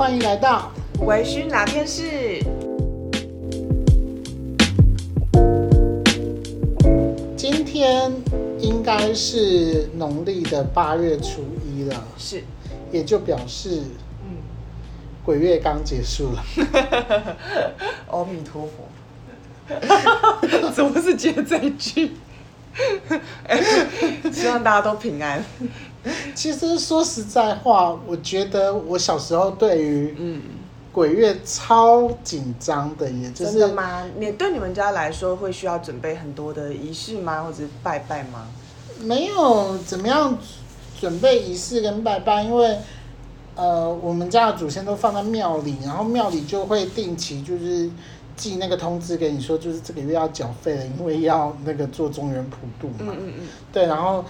歡迎來到鬼叔哪天是？今天應該是農曆的八月初一了，是，也就表示，鬼月剛結束了。嗯，阿彌陀佛， 怎麼是接這一句？哎，希望大家都平安。其實說實在話，我覺得我小時候對於鬼月超緊張的，也、嗯、就是真的嗎？你對你們家來說會需要準備很多的儀式嗎？或者是拜拜嗎？沒有，怎麼樣準備儀式跟拜拜？因為呃，我們家的祖先都放在廟裡，然後廟裡就會定期就是寄那個通知給你說，就是這個月要繳費了，因為要那個做中元普渡嘛。嗯嗯，對，然後。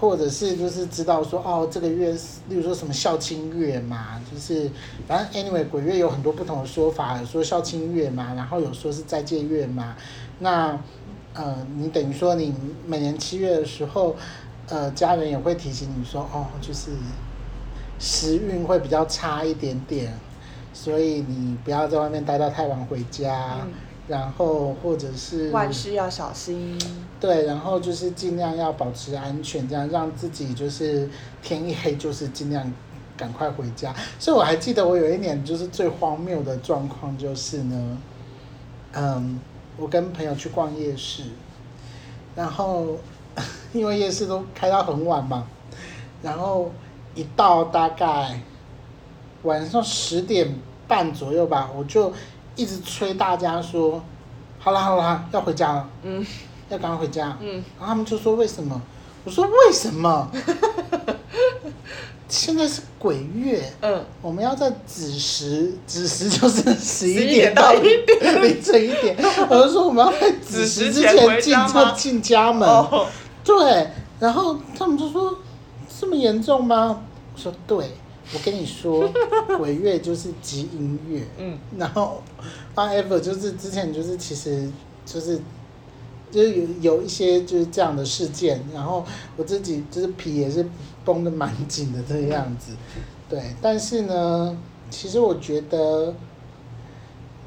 或者是就是知道說哦，這個月，例如說什麼孝親月嘛，就是反正 anyway 鬼月有很多不同的說法，有說孝親月嘛，然後有說是再見月嘛。那呃，你等於說你每年七月的時候，呃，家人也會提醒你說哦，就是時運會比較差一點點，所以你不要在外面待到太晚回家。嗯然後或者是萬事要小心，對，然後就是盡量要保持安全，這樣讓自己就是天一黑就是盡量趕快回家。所以我還記得我有一年就是最荒謬的狀況就是呢，嗯，我跟朋友去逛夜市，然後因為夜市都開到很晚嘛，然後一到大概晚上十點半左右吧，我就，一直催大家說，好啦好啦，要回家了，嗯，要趕快回家，嗯。然後他們就說為什麼？我說為什麼？哈哈哈哈哈哈！現在是鬼月，嗯，我們要在子時，子時就是十一點到凌晨一,一、 一點，我就說我們要在子時之前進之前進家門，哦，對。然後他們就說這麼嚴重嗎？我說對。 我跟你說，鬼月就是集音樂，嗯，然後，forever 就是之前就是其實就是就是有有一些就是這樣的事件，然後我自己就是皮也是繃得蠻緊的這個樣子，嗯，對，但是呢，其實我覺得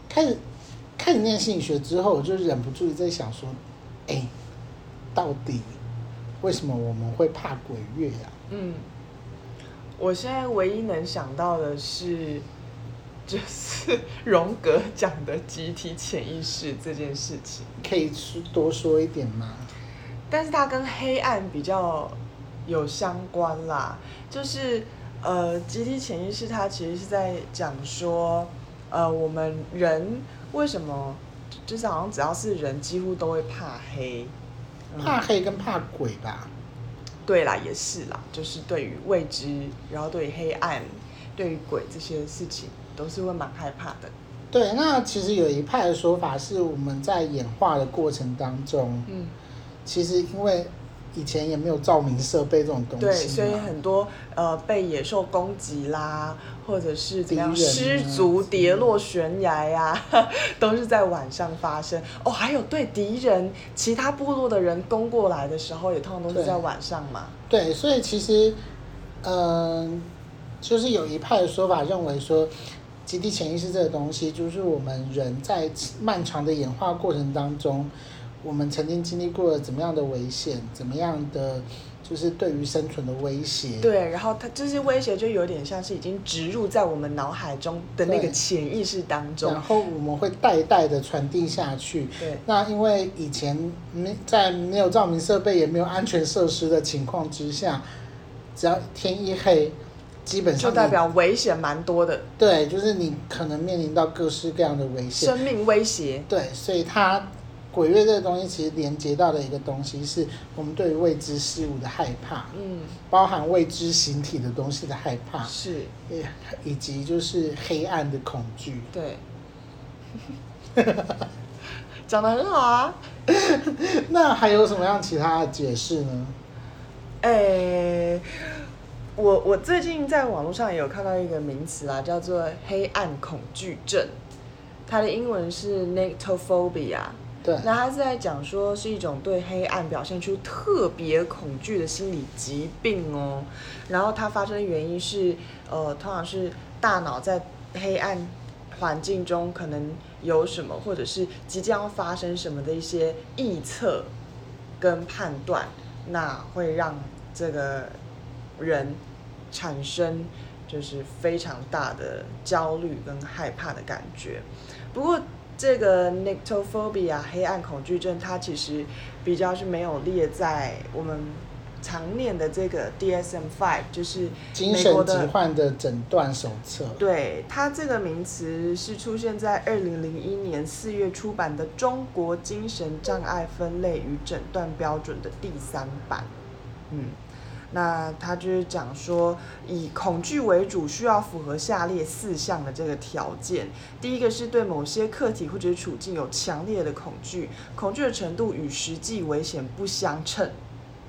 開始開始念心理學之後，我就忍不住在想說，哎，到底為什麼我們會怕鬼月呀，啊？嗯。我現在唯一能想到的是，就是榮格講的集體潛意識這件事情，可以多說一點嗎？但是它跟黑暗比較有相關啦，就是呃集體潛意識它其實是在講說，呃我們人為什麼就是好像只要是人幾乎都會怕黑，怕黑跟怕鬼吧。對啦，也是啦，就是對於未知，然後對於黑暗，對於鬼這些事情，都是會蠻害怕的。對，那其實有一派的說法是，我們在演化的過程當中，嗯，其實因為。以前也沒有照明設備這種東西，對，所以很多呃被野獸攻擊啦，或者是怎樣失足跌落懸崖呀、啊，都是在晚上發生。哦，還有對敵人、其他部落的人攻過來的時候，也通常都是在晚上嘛。對，對所以其實嗯、呃，就是有一派的說法認為說，集體潛意識這個東西，就是我們人在漫長的演化過程當中。我們曾經經歷過了怎麼樣的危險，怎麼樣的就是對於生存的威脅。對，然後它這些威脅就有點像是已經植入在我們腦海中的那個潛意識當中。然後我們會代代的傳遞下去。對。那因為以前沒在沒有照明設備、也沒有安全設施的情況之下，只要天一黑，基本上就代表危險蠻多的。對，就是你可能面臨到各式各樣的危險，生命威脅。對，所以他……鬼月這個東西，其實連接到的一個東西，是我們對於未知事物的害怕，嗯，包含未知形體的東西的害怕，是，以及就是黑暗的恐懼，對，講 得很好啊。 那還有什麼樣其他的解釋呢？誒、欸，我我最近在網絡上也有看到一個名詞啊，叫做黑暗恐懼症，它的英文是 nyctophobia 那他是在講說是一種對黑暗表現出特別恐懼的心理疾病哦，然後它發生的原因是，呃，通常是大腦在黑暗環境中可能有什麼，或者是即將發生什麼的一些預測跟判斷，那會讓這個人產生就是非常大的焦慮跟害怕的感覺，不過，這個 nyctophobia 黑暗恐懼症，它其實比較是沒有列在我們常唸的這個 DSM-5，就是美國的精神疾患的診斷手冊。對，它這個名詞是出現在二零零一年四月出版的《中國精神障礙分類與診斷標準》的第三版。嗯。那他就是講說，以恐懼為主，需要符合下列四項的這個條件。第一個是對某些客體或者是處境有強烈的恐懼，恐懼的程度與實際危險不相稱。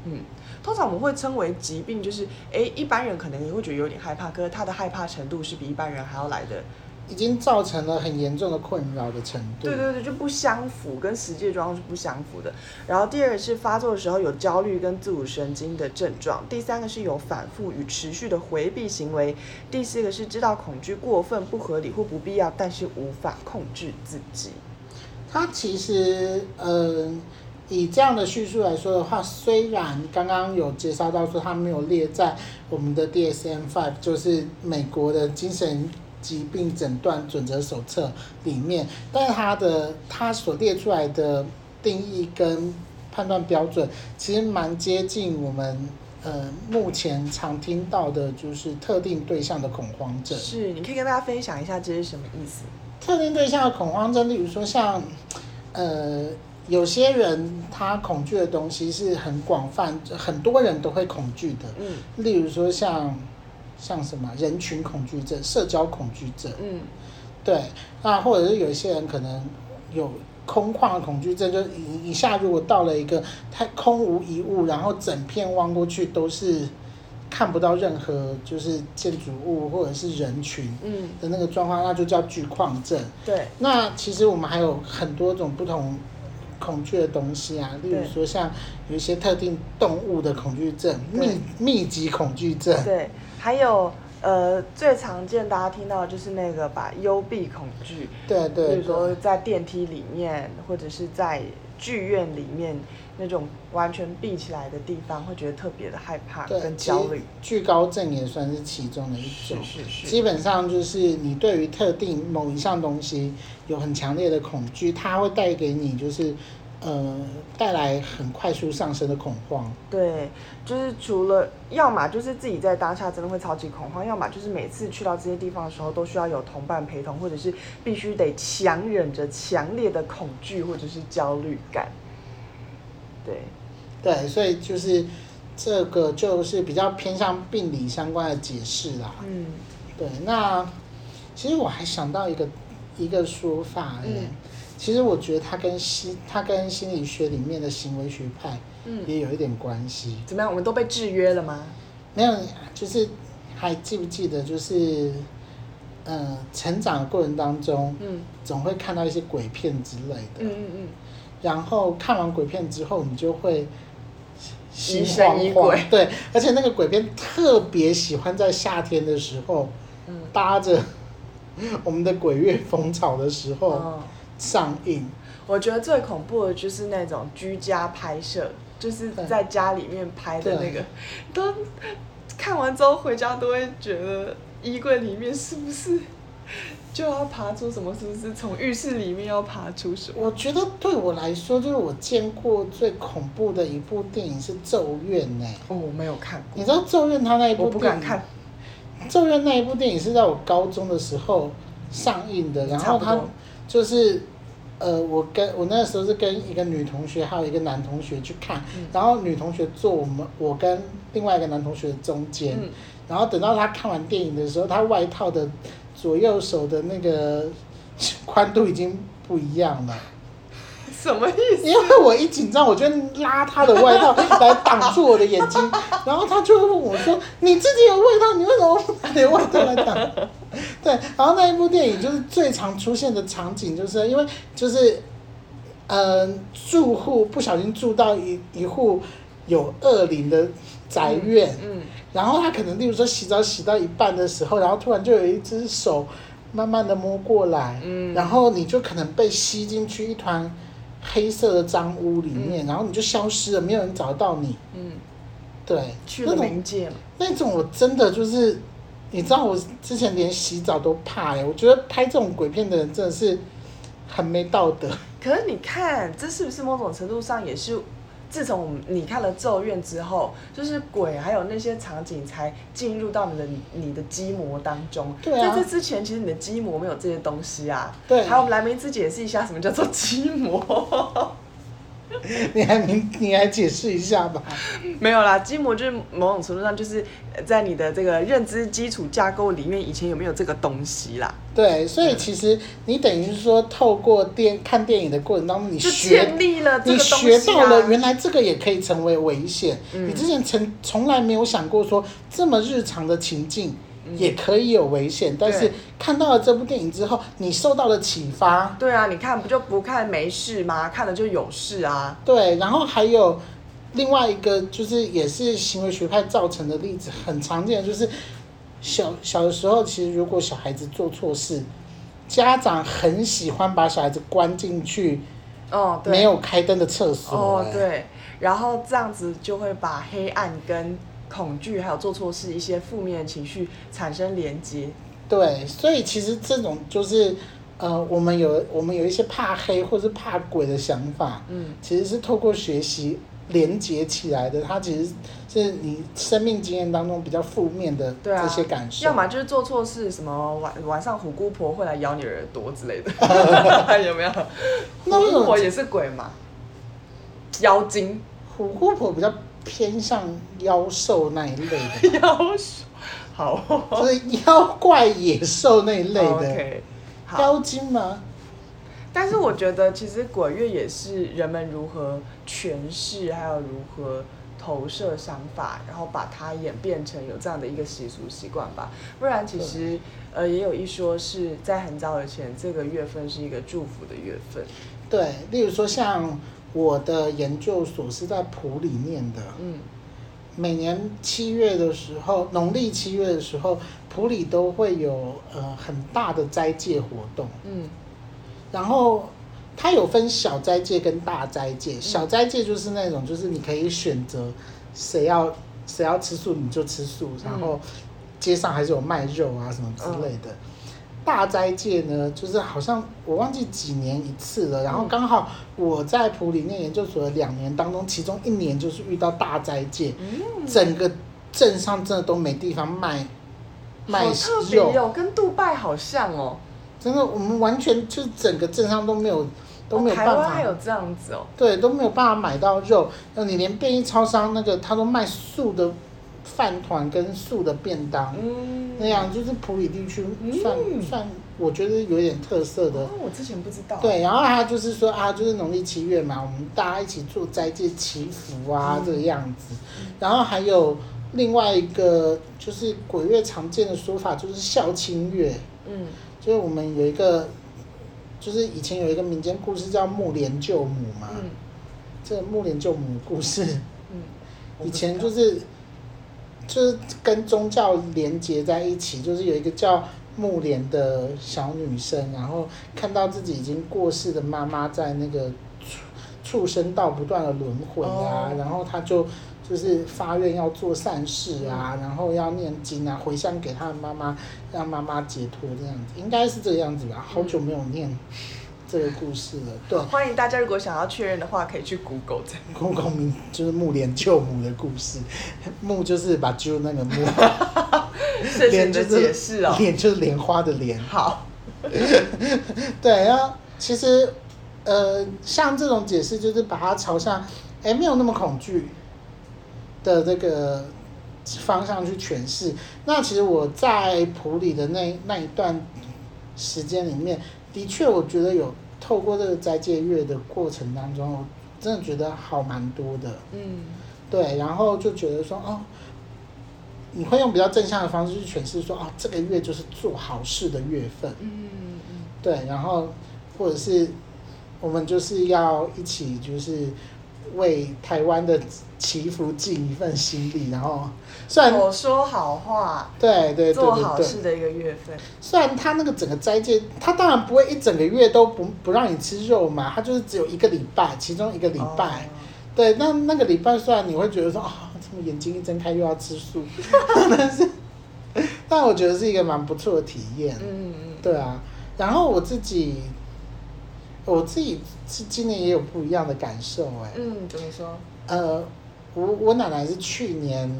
嗯，通常我們會稱為疾病，就是誒、欸，一般人可能也會覺得有點害怕，可是他的害怕程度是比一般人還要來的。已經造成了很嚴重的困擾的程度。對對對，就不相符，跟實際狀況是不相符的。然後第二個是發作的時候有焦慮跟自主神經的症狀。第三個是有反覆與持續的回避行為。第四個是知道恐懼過分不合理或不必要，但是無法控制自己。它其實，嗯、呃，以這樣的敘述來說的話，雖然剛剛有介紹到說它沒有列在我們的 DSM-5，就是美國的精神。疾病診斷準則手冊裡面，但是它的它所列出來的定義跟判斷標準，其實蠻接近我們呃目前常聽到的，就是特定對象的恐慌症。是，你可以跟大家分享一下這是什麼意思？特定對象的恐慌症，例如說像呃有些人他恐懼的東西是很廣泛，很多人都會恐懼的。嗯，例如說像。像什麼人群恐懼症、社交恐懼症，嗯，對，那或者是有一些人可能有空曠的恐懼症，就一一下如果到了一個太空無一物，然後整片望過去都是看不到任何就是建築物或者是人群，嗯的那個狀況，嗯、那就叫懼曠症。對、嗯，那其實我們還有很多種不同恐懼的東西啊，例如說像有一些特定動物的恐懼症、密密集恐懼症，對。還有，呃，最常見大家聽到的就是那個吧幽閉恐懼。對對，就是說在電梯裡面，或者是在劇院裡面那種完全閉起來的地方，會覺得特別的害怕跟焦慮。對，懼高症，也算是其中的一種。是，是是。基本上就是你對於特定某一項東西有很強烈的恐懼，它會帶給你就是。呃，帶來很快速上升的恐慌。對，就是除了要麼就是自己在當下真的會超級恐慌，要麼就是每次去到這些地方的時候都需要有同伴陪同，或者是必須得強忍着強烈的恐懼或者是焦慮感。對，對，所以就是這個就是比較偏向病理相關的解釋啦。嗯，對，那其實我還想到一個一個說法，嗯。其實我覺得他跟心，他跟心理學裡面的行為學派，也有一點關係，嗯。怎麼樣？我們都被制約了嗎？沒有，就是還記不記得？就是，嗯、呃，成長的過程當中，嗯，總會看到一些鬼片之類的，嗯，嗯，嗯。然後看完鬼片之後，你就會疑神疑鬼。對，而且那個鬼片特別喜歡在夏天的時候，嗯、搭着我們的鬼月風潮的時候。哦上映，我覺得最恐怖的就是那種居家拍攝，就是在家裡面拍的那個，都看完之後回家都會覺得衣櫃裡面是不是就要爬出什麼？是不是從浴室裡面要爬出什麼？我覺得對我來說，就是我見過最恐怖的一部電影是咒，欸《咒怨》哎，我沒有看過。你知道《咒怨》他那一部，我不敢看。《咒怨》那一部電影是在我高中的時候上映的，嗯、然後他。就是，呃，我跟我那時候是跟一個女同學，還有一個男同學去看，嗯，然後女同學坐我們，我跟另外一個男同學的中間，嗯，然後等到他看完電影的時候，他外套的左右手的那個寬度已經不一樣了。什麼意思？因為我一緊張，我就拉他的外套來擋住我的眼睛， 然後他就問我說：“你自己有外套，你為什麼不拿點外套來擋？” 對，然後那一部電影就是最常出現的場景，就是因為就是嗯、呃，住戶不小心住到一一戶有惡靈的宅院，嗯，嗯然後他可能例如說洗澡洗到一半的時候，然後突然就有一隻手慢慢的摸過來，嗯，然後你就可能被吸進去一團。黑色的髒屋裡面，嗯，然後你就消失了，沒有人找得到你。嗯，對，去了冥界了。那種我真的就是，你知道，我之前連洗澡都怕欸，我覺得拍這種鬼片的人真的是很沒道德。可是你看，這是不是某種程度上也是？自從你看了《咒怨》之後，就是鬼還有那些場景才進入到你的你的基模當中，對、啊。在這之前，其實你的基模沒有這些東西啊。對，還有我們來明子解釋一下什麼叫做基模。 你還你你還解釋一下吧？沒有啦，基模就是某種程度上就是在你的這個認知基礎架構裡面，以前有沒有這個東西啦？對，所以其實你等於是說，透過電看電影的過程當中，你學了這個東西、啊，你學到了原來這個也可以成為危險、嗯。你之前從從來沒有想過說這麼日常的情境。也可以有危險，嗯，但是看到了這部電影之後，你受到了啟發。對啊，你看不就不看沒事嗎？看了就有事啊。對，然後還有另外一個，就是也是行為學派造成的例子，很常見，就是小，小小的時候其實如果小孩子做錯事，家長很喜歡把小孩子關進去，哦，沒有開燈的廁所哦，哦，對，然後這樣子就會把黑暗跟。恐懼還有做錯事一些負面情緒產生連接，對，所以其實這種就是呃，我們有我們有一些怕黑或者是怕鬼的想法，嗯，其實是透過學習連接起來的。它其實是你生命經驗當中比較負面的這些感受，啊、要麼就是做錯事，什麼晚晚上虎姑婆會來咬你耳朵之類的，有沒有？虎姑婆也是鬼嘛？妖精？虎姑婆比較。 偏向妖獸那一類的妖獸。 好、哦，就是妖怪野獸那一類的 okay, 好妖精嗎？但是我覺得，其實鬼月也是人們如何詮釋，還有如何投射想法，然後把它演變成有這樣的一個習俗習慣吧。不然，其實呃，也有一說是在很早以前，這個月份是一個祝福的月份。對，例如說像。我的研究所是在埔里念的，嗯。每年七月的時候，農曆七月的時候，埔里都會有呃很大的齋戒活動。嗯，然後它有分小齋戒跟大齋戒。小齋戒就是那種，嗯，就是你可以選擇誰要誰要吃素，你就吃素，嗯，然後街上還是有賣肉啊什麼之類的。哦大齋戒呢，就是好像我忘記幾年一次了。嗯、然後剛好我在普林那研究所的兩年當中，其中一年就是遇到大齋戒，嗯。整個鎮上真的都沒地方賣特別肉、賣肉，跟杜拜好像哦。真的，我們完全就是整個鎮上都沒有都沒有辦法，哦。台灣還有這樣子哦？對，都沒有辦法買到肉，你連便利超商那個他都賣素的。飯糰跟素的便當，嗯，那樣就是普里地區算算，嗯、算算我覺得有點特色的。為、哦、我之前不知道。對，然後他就是說啊，就是農曆七月嘛，我們大家一起做齋戒祈福啊、嗯，這個樣子。然後還有另外一個，就是鬼月常見的說法就是孝親月。嗯，就是我們有一個，就是以前有一個民間故事叫目連救母嘛。嗯。這目連救母故事，嗯，嗯以前就是。就是跟宗教連接在一起，就是有一個叫目蓮的小女生，然後看到自己已經過世的媽媽在那個畜畜生道不斷的輪回啊、哦，然後她就就是發願要做善事啊、嗯，然後要念經啊，回向給她的媽媽，讓媽媽解脫這樣子，應該是這個樣子吧，好久沒有念。嗯這個故事了，對，歡迎大家如果想要確認的話，可以去 Google。Google 就是木蓮救母的故事， 木就是把救那個木，蓮的解釋哦，蓮就是蓮 花的蓮。好， 對，然後其實呃，像這種解釋就是把它朝向哎、欸、沒有那麼恐懼的這個方向去詮釋。那其實我在普里的那那一段時間裡面。的確，我覺得有透過這個齋戒月的過程當中，我真的覺得好蠻多的。嗯，對，然後就覺得說，哦，你會用比較正向的方式去詮釋說，啊、哦，這個月就是做好事的月份。嗯，對，然後或者是我們就是要一起就是。為台灣的祈福盡一份心力，然後雖然、哦、說好話，對對做好事的一個月份。雖然他那個整個齋戒，他當然不會一整個月都不不讓你吃肉嘛，他就是只有一個禮拜，其中一個禮拜，哦、對。那那個禮拜雖然你會覺得說啊，怎、哦、麼眼睛一睜開又要吃素，但 是 但我覺得是一個蠻不錯的體驗。嗯嗯，對啊。然後我自己，我自己是今年也有不一樣的感受哎，嗯，怎麼說？呃，我我奶奶是去年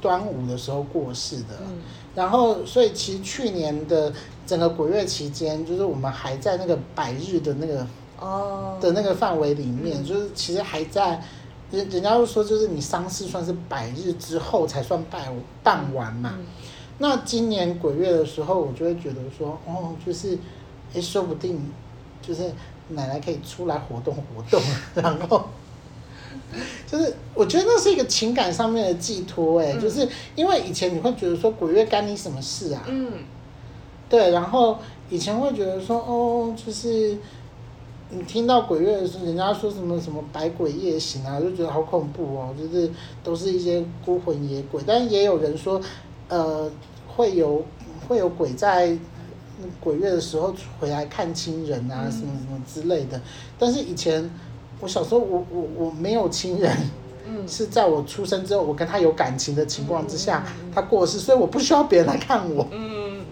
端午的時候過世的，嗯、然後所以其實去年的整個鬼月期間，就是我們還在那個百日的那個哦的那個範圍裡面，嗯、就是其實還在人人家會說，就是你喪事算是百日之後才算辦辦完嘛、嗯。那今年鬼月的時候，我就會覺得說，哦，就是哎，說不定。就是奶奶可以出來活動活動，然後就是我覺得那是一個情感上面的寄托哎，嗯，就是因為以前你會覺得說鬼月干你什麼事啊？嗯，對，然後以前會覺得說，哦，就是你聽到鬼月的時候，人家說什麼什麼百鬼夜行啊，就覺得好恐怖哦，就是都是一些孤魂野鬼，但也有人說呃，會有會有鬼在。鬼月的時候回來看親人啊，什麼什麼之類的、嗯。但是以前我小時候我，我我我沒有親人、嗯，是在我出生之後，我跟他有感情的情況之下、嗯嗯，他過世，所以我不需要別人來看我。嗯嗯，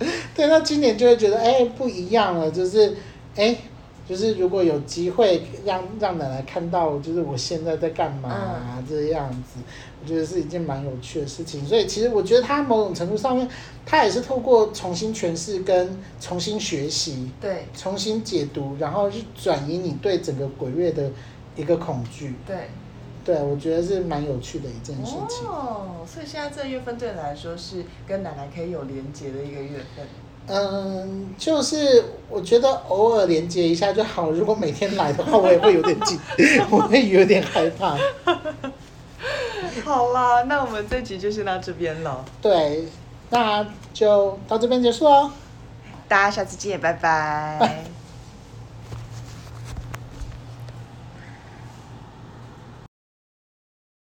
嗯，對，那今年就會覺得欸、欸、不一樣了，就是欸。欸就是如果有機會讓讓奶奶看到，就是我現在在幹嘛、啊、這樣子、嗯，我覺得是一件蠻有趣的事情。所以其實我覺得他某種程度上面，他也是透過重新詮釋跟重新學習，對，重新解讀，然後去轉移你對整個鬼月的一個恐懼。對，對，我覺得是蠻有趣的一件事情。哦，所以現在這個月份對你來說是跟奶奶可以有連結的一個月份。嗯，就是我覺得偶爾連接一下就好。如果每天來的話，我也會有點緊， 我會有點害怕。 好啦，那我們這集就先到這邊了。對，那就到這邊結束嘍、哦。大家下次見，拜拜。啊